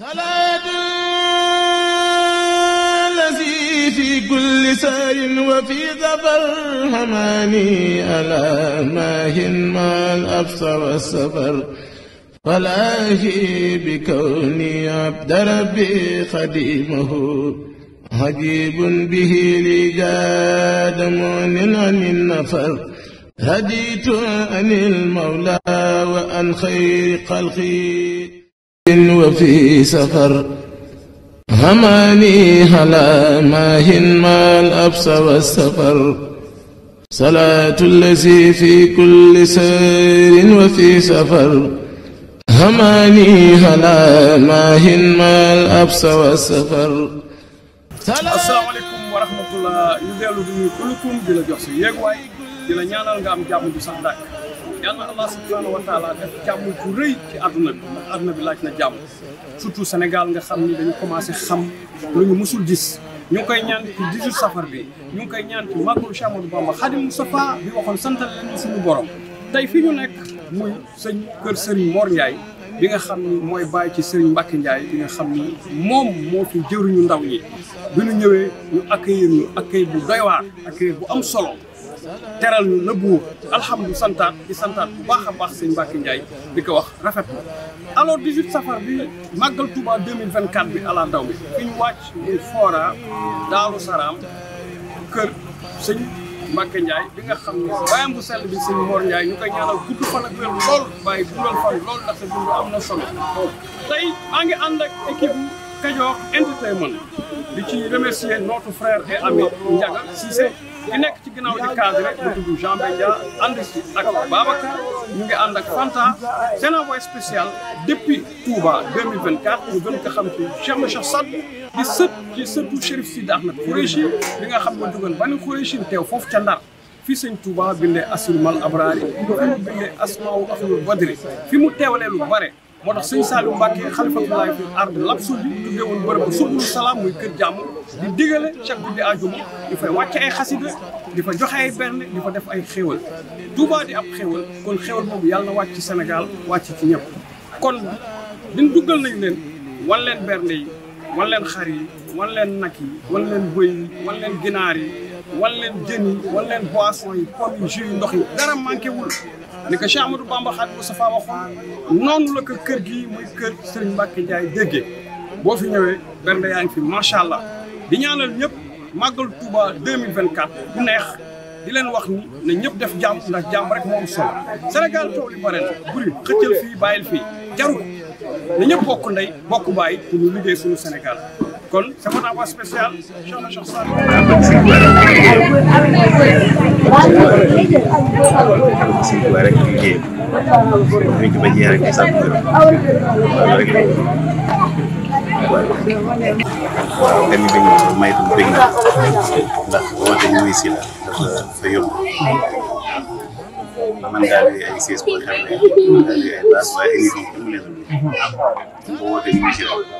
صلاة الذي في كل سار وفي ظفر هماني ألا ما هم الأبصر السفر فلاهي بكوني عبد ربي خديمه عجيب به لي جاد عن النفر هديت عن المولى وعن خير خلقي وفي سفر هماني هلا ما هن ما الأبس والسفر صلاة الذي في كل سير وفي سفر هماني هلا ما هن ما الأبس والسفر السلام عليكم ورحمة الله يدعو لكم كلكم بلا جحسي يقوى دي la ñaanal جامل am jàmm yal na allah subhanahu wa taala def jàmm ju rëy ci àdduna bi ndax àdduna bi laaj na jàmm surtout Sénégal nga xam ni dañu commencé xam lu ñu musul gis ñu ngi koy ñaan ci 18 safar bi ñu ngi koy ñaan ci màggalu Cheikh Ahmadou Bamba mu Moustapha bi waxoon santal leen suñu borom tey fi ñu nekk muy sëñ kër Serigne Mor Ndiaye bi nga xam ni mooy bàyyi ci Serigne Mbacke Ndiaye bi nga xam ni moom moo fi jëruñu ndaw ñi bi ñu ñëwee ñu accueillir ñu accueil bu doy waar accueil bu am solo teral le bour alhamdou santaat di santaat bu baakha a baax sëñ Mbacke ndjay diko wax rafet na alors 18 safar bi magal Touba 2024 bi ala ndaw bi fi wacc ni Fora daru saram keur seigne Mbacke ndjay bi nga xam ni bayam bu sel bi seigne Mor ndjay ñu koy ñaanal gudd fa nak wel lol bay dundal fan lool ndax sa dund am na solo tay ma ngi and ak équipe Kajor Entertainment di ci remercier notre frère et ami Ndiaga Cissé ki nekk ci ginnaaw di cadre rek mu tudd Jean Bendia ànd ak Babacar ngi ànd ak Fanta seen envoyé spécial depuis Touba 2024 ñu gën ko xam ci Cheikh Moussa Sadd di sët ci sëtu Chérif Sidi Ahmed Khouréchi bi nga xam nga jógoon bani Khouréchi teew foofu ca Ndar fii sëñ Touba bindee Asirmal Abrari fi mu bindee Asmaul Ahmadul Badri fi mu teewalee lu bare moo tax sëñ Saliou Mbacke xalifatulaay fi ard lapsul bi tuddee woon bërëb bu subul salaam muy kër jàmm di digale chaque guddi àjjuma di fay wàcce ay xasida di fa joxe ay berne di fa def ay xéewal Touba di ab xéewal kon xéewal boobu yàlla na wàcc ci Sénégal wàcc ci ñëpp kon din duggal nañ leen wan leen berne yi wan leen xar yi wan leen nag yi wan leen bëy yi wan ginaar yi wan leen jën yi wan leen boisson yi ndox yi dara manqué wul ni ko Cheikh Amadou Bamba Xaadimu Mustafaa waxoon noonu la ko kër gi muy kër Serigne Mbacke Ndiaye déggee boo fi ñëwee bernde yaa ngi fi macha allah di ñaanal ñëpp màggal Touba 2024 bu neex di leen wax ni na ñëpp def jàmm ndax jàmm rek moom solo Sénégal tool yi bare na buri xëccal fii bàyyil fii jarul na ñëpp bokk ndey bokk bàyyi pour ñu liggéey suñu Sénégal kon c'est mon envoi spécial Cheikh Saliou Sëñ Tuubaa rek liggéeyam ñu ba jeex rek sant loolu rek la waaw gan yi may itam bëgg na ndax woote ñu wuy si la dafa dafa yomb man ngaa luy ay siège boo xam ne man ngaa luy ay place waaye émission bi mu leen boo wootee ñu wuy si la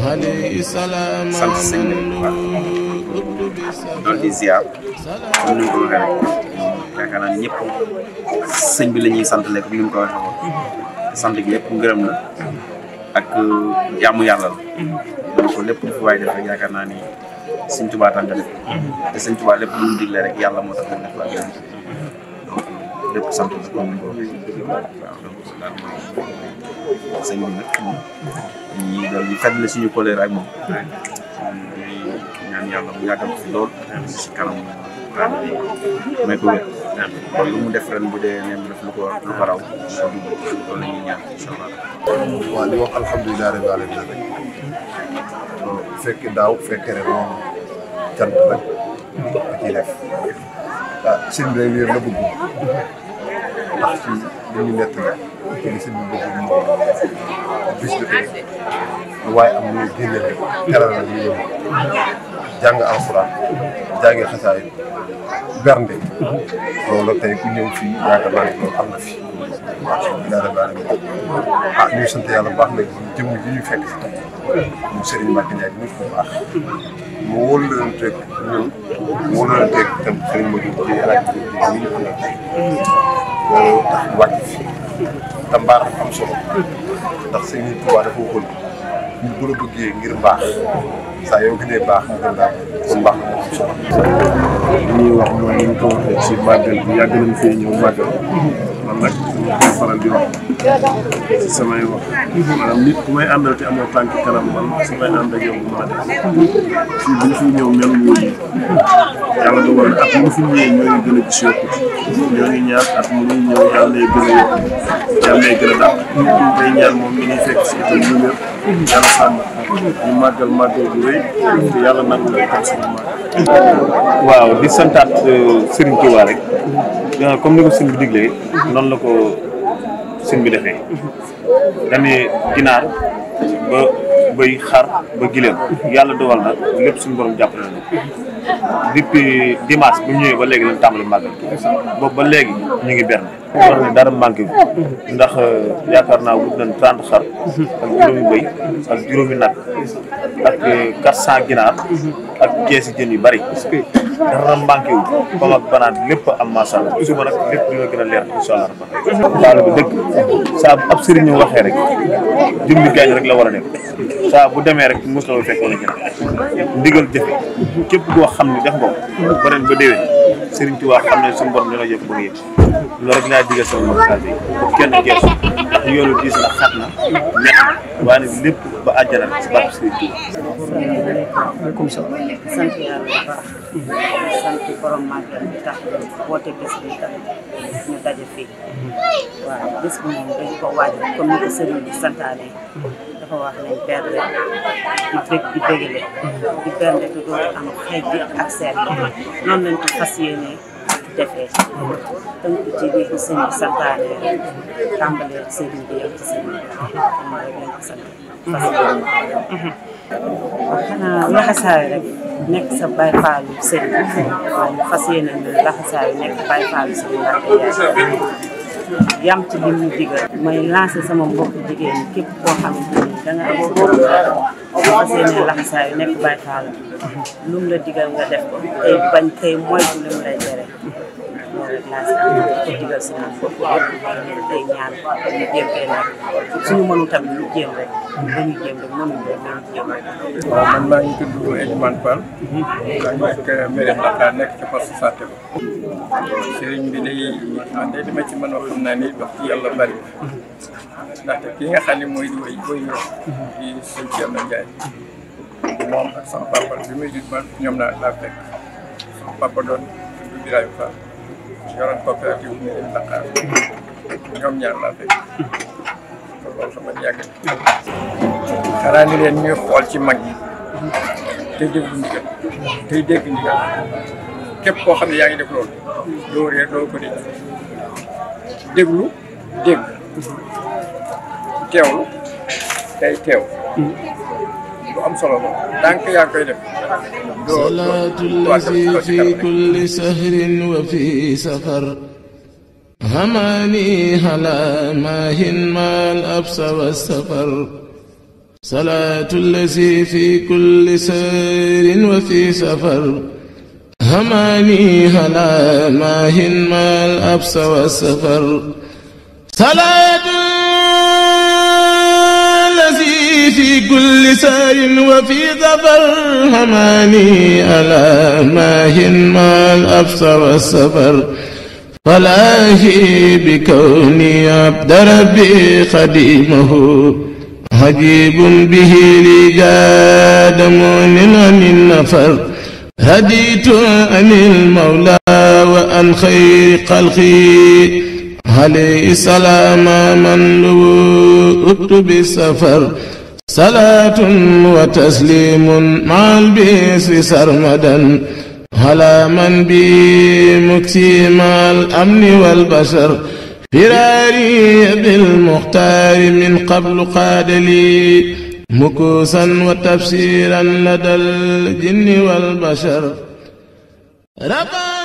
sant sëñ bi bu baax doon di ziar bi la ñuy sant lekk comme ni mu ko sant gi lépp ngërëm la ak yàmmu uh, yàlla la donc lépp lu fi waay def rek yaakaar naa ni sëñ Tuubaa tànga def te sëñ lépp lu mu rek yàlla moo tax lépp sant la sëñ bi nag moom dañuy dañuy fàttali suñu colère ak ñaan yàlla mu yàggal ko fi lool. si kanam xaaral ko lu mu def ren bu dee nee mu def lu ko lu ko raw. soo dugg waaw wax alhamdulilah rabbil alamin rek. fekk daaw fekk ren moom cant rek. da ciy def. ah sëñ bi rek ci li ñu nett nag li ñu bëgg mooy bis bi tey waaye am na ñu ñëw jàng alxuraan jàngi xasaay bernde loolu tey ku ñëw fii yaakaar naa ne loolu am na fi waaw ñu sant yàlla bu baax nag jëm ji ñu fekk si tey mu Serigne Mbacké Ndiaye nit ku mu wóolu la leen teg ñun mu wóolu la leen teg itam Serigne Modou ci alaaj bi ñu àndal moo tax ñu wàcc fi te mbaax dafa am solo ndax Sëriñ Tuubaa dafa waxul ñu bu la bëggee ngir mbaax saa yoo gënee baax nga gën daal kon mbaax moo am ñuy wax mooy ni ñu ko waxee si màggal bi yàgg nañ fee ñëw màggal man nag. koy faral samay wax ku may àndal te amoo tànk kanam man su may ànd ak yow bu ma def fii bu ñu fi ñëw mel mu yi yàlla dogal na at fi ñëwee ñoo gën a gis yokkute ñoo ngi ñaan at mu ñuy ñëw yàlla lay yàlla lay gën a dàq day ñaan yàlla sàmm ñu màggal màggal waaw di santaat euh, Serigne Touba rek Euh, comme ni ko sëñ bi diglee noonu la ko sëñ bi defee dane ginaar ba bëy xar ba gileem yàlla dogal na lépp suñu borom jàppale na depuis dimanche bu ñëwee ba légui lañ tàmbali magal bo ba légui ñu ngi benn war na dara manqué ndax euh, yaakaar naa wut nañ trente xar ak juróomi bay ak juróomi nag ak 400 euh, ginaar ak keesi jeun yu bari dara manqué wu ba ak banat lepp am ma sa masala suba nak lepp dina gëna leer inshallah allah rabbi daal dëgg sa ab sëriñ ñu waxé rek jumbi gañ rek la wara a sa bu démé rek mus la fekk wala jël ndigal jëfe képp ko wax xam ne def nga ko ba ren ba déwén Serigne xam ne suñu borom dina yëg bu nit loolu rek laa digal sama mbokk taalibe yi bu kenn gees ndax yoonu na xat na mais waaye nag lépp ba àjjana si barke Serigne Touba maaleykum salaam sant yàlla bu baax sant borom màggal bi tax woote bés bi tax ñu daje fii mhm. waaw bés bi moom dañ dafa wax ne bernde di bég di bernde te doo am xeej bi ak seen mm-hmm. noonu lañ ko fas yéene defee mm-hmm. tënk ci li ko sëñ bi santaane tàmbalee ci sëriñ bi yem ci sëñ bi mooy dañ ko sant fas yéene mm-hmm. xanaa laxasaay nekk sa bay faalu sëriñ waaye fas yéene laxasaay nekk bay faalu sëriñ yam ci li mu digal may lancer sama mbokk jigéen képp koo xamante ni da nga am laxasaayu nekk Baay Faal lu la digal nga def ko tey bañ tey moytu li mu lay tere loolu rek laa si am rek dañu jéem rek mënuñu mhm. nekk ci poste santé sëriñ bi day ah day li ma ci mën xam naa ni wax ci yàlla bari ndaxte ki nga xam ne mooy di way way yor di sëñ Thierno Ndiaye moom ak sama papa bi ñoom laa laa fekk sama papa doon du ñoom ñaar laa fekk kon loolu sama yàgg xanaa ni leen ñuy xool ci mag yi tey dégg ndigal képp koo xam ne yaa ngi def loolu صلاة الذي في كل سهر وفي سفر هماني هلا ما هن ما الأبس والسفر صلاة الذي في كل سهر وفي سفر هماني هلا ما هن ما الأبس والسفر صلاة الذي في كل سهر وفي سفر هماني هلا ماهن ما الأبس والسفر صلاة الذي في كل سار وفي ظفر هماني ألا ماهن ما الأبس والسفر فلاهي بكوني عبد ربي خديمه عجيب به لجاد مؤمن النفر هديت أن المولى وأن خير خلقي عليه سلام من لوت بسفر صلاة وتسليم مع البيس سرمدا على من بي مكسيم الأمن والبشر فراري بالمختار من قبل قاد لي مكوسا وتفسيرا لدى الجن والبشر ربا